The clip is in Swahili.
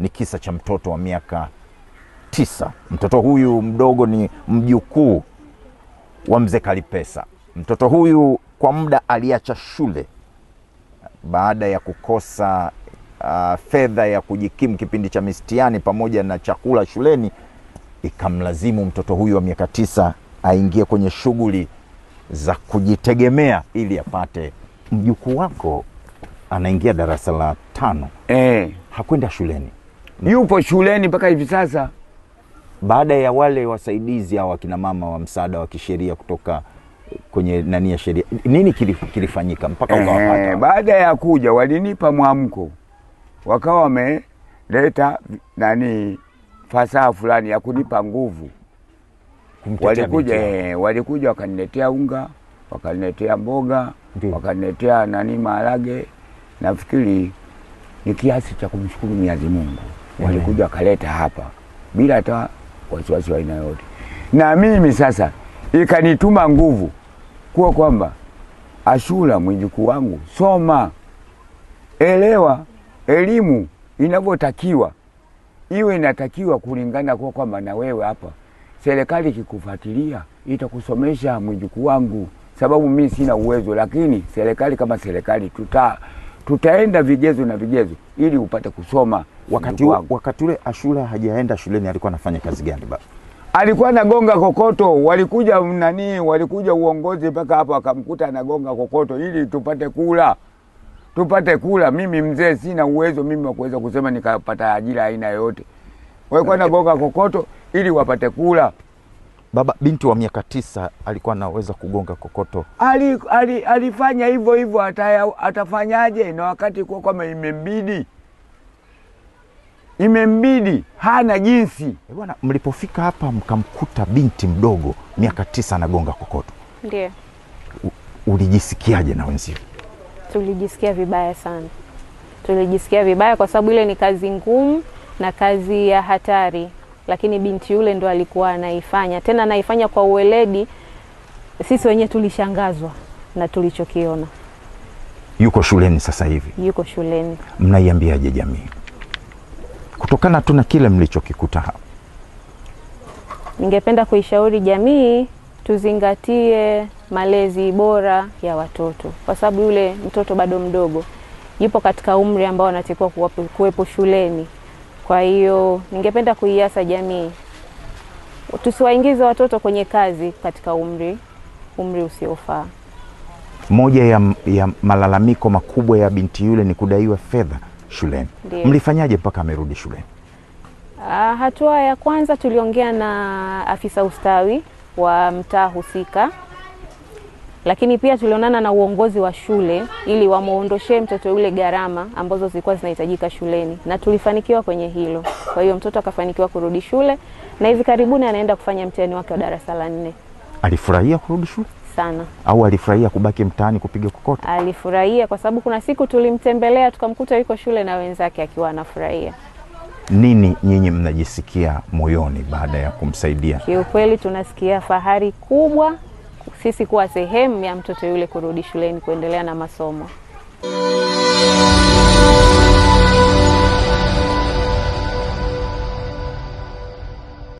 ni kisa cha mtoto wa miaka tisa. Mtoto huyu mdogo ni mjukuu wa mzee Kalipesa. Mtoto huyu kwa muda aliacha shule baada ya kukosa uh, fedha ya kujikimu kipindi cha mistiani pamoja na chakula shuleni, ikamlazimu mtoto huyu wa miaka tisa aingie kwenye shughuli za kujitegemea ili apate. Mjukuu wako anaingia darasa la tano e, hakwenda shuleni Mm. yupo shuleni mpaka hivi sasa. Baada ya wale wasaidizi au wakina mama wa msaada wa kisheria kutoka kwenye nani ya sheria, nini kilifanyika mpaka ukawapata? Baada ya kuja walinipa mwamko, wakawa wameleta nani fasaha fulani ya kunipa nguvu. Walikuja eh, walikuja wakaniletea unga, wakaniletea mboga, wakaniletea nani maharage. Nafikiri ni kiasi cha kumshukuru Mwenyezi Mungu. Eh. walikuja wakaleta hapa bila hata wasiwasi wa aina yote, na mimi sasa ikanituma nguvu kuwa kwamba Ashura, mwijukuu wangu, soma, elewa elimu inavyotakiwa iwe inatakiwa kulingana kuwa kwamba na wewe hapa serikali ikikufuatilia itakusomesha mwijukuu wangu, sababu mi sina uwezo, lakini serikali kama serikali tuta, tutaenda vigezo na vigezo ili upate kusoma wakati, wakati ule Ashura hajaenda shuleni alikuwa anafanya kazi gani baba? Alikuwa anagonga kokoto, walikuja nani, walikuja uongozi mpaka hapo akamkuta anagonga kokoto ili tupate kula tupate kula. Mimi mzee sina uwezo mimi wa kuweza kusema nikapata ajira aina yoyote, walikuwa anagonga kokoto ili wapate kula. Baba, binti wa miaka tisa alikuwa anaweza kugonga kokoto? Ali, ali, alifanya hivyo hivyo, atafanyaje? Na wakati kuwa kama imembidi imembidi, hana jinsi. Eh, bwana, mlipofika hapa mkamkuta binti mdogo miaka tisa anagonga kokoto, ndio ulijisikiaje? Na wenzio tulijisikia vibaya sana, tulijisikia vibaya kwa sababu ile ni kazi ngumu na kazi ya hatari, lakini binti yule ndo alikuwa anaifanya, tena anaifanya kwa uweledi. Sisi wenyewe tulishangazwa na tulichokiona. Yuko shuleni sasa hivi, yuko shuleni. Mnaiambiaje jamii? kutokana tu na kile mlichokikuta hapa? Ningependa kuishauri jamii tuzingatie malezi bora ya watoto, kwa sababu yule mtoto bado mdogo, yupo katika umri ambao anatakiwa kuwepo shuleni. Kwa hiyo ningependa kuiasa jamii tusiwaingize watoto kwenye kazi katika umri umri usiofaa. Moja ya, ya malalamiko makubwa ya binti yule ni kudaiwa fedha shuleni. Mlifanyaje mpaka amerudi shuleni? Ah, hatua ya kwanza tuliongea na afisa ustawi wa mtaa husika, lakini pia tulionana na uongozi wa shule ili wamwondoshee mtoto yule gharama ambazo zilikuwa zinahitajika shuleni, na tulifanikiwa kwenye hilo. Kwa hiyo mtoto akafanikiwa kurudi shule na hivi karibuni anaenda kufanya mtihani wake wa darasa la nne. Alifurahia kurudi shule? sana. Au alifurahia kubaki mtaani kupiga kokoto Alifurahia kwa sababu kuna siku tulimtembelea tukamkuta yuko shule na wenzake akiwa anafurahia. Nini nyinyi mnajisikia moyoni baada ya kumsaidia? Kiukweli tunasikia fahari kubwa sisi kuwa sehemu ya mtoto yule kurudi shuleni kuendelea na masomo.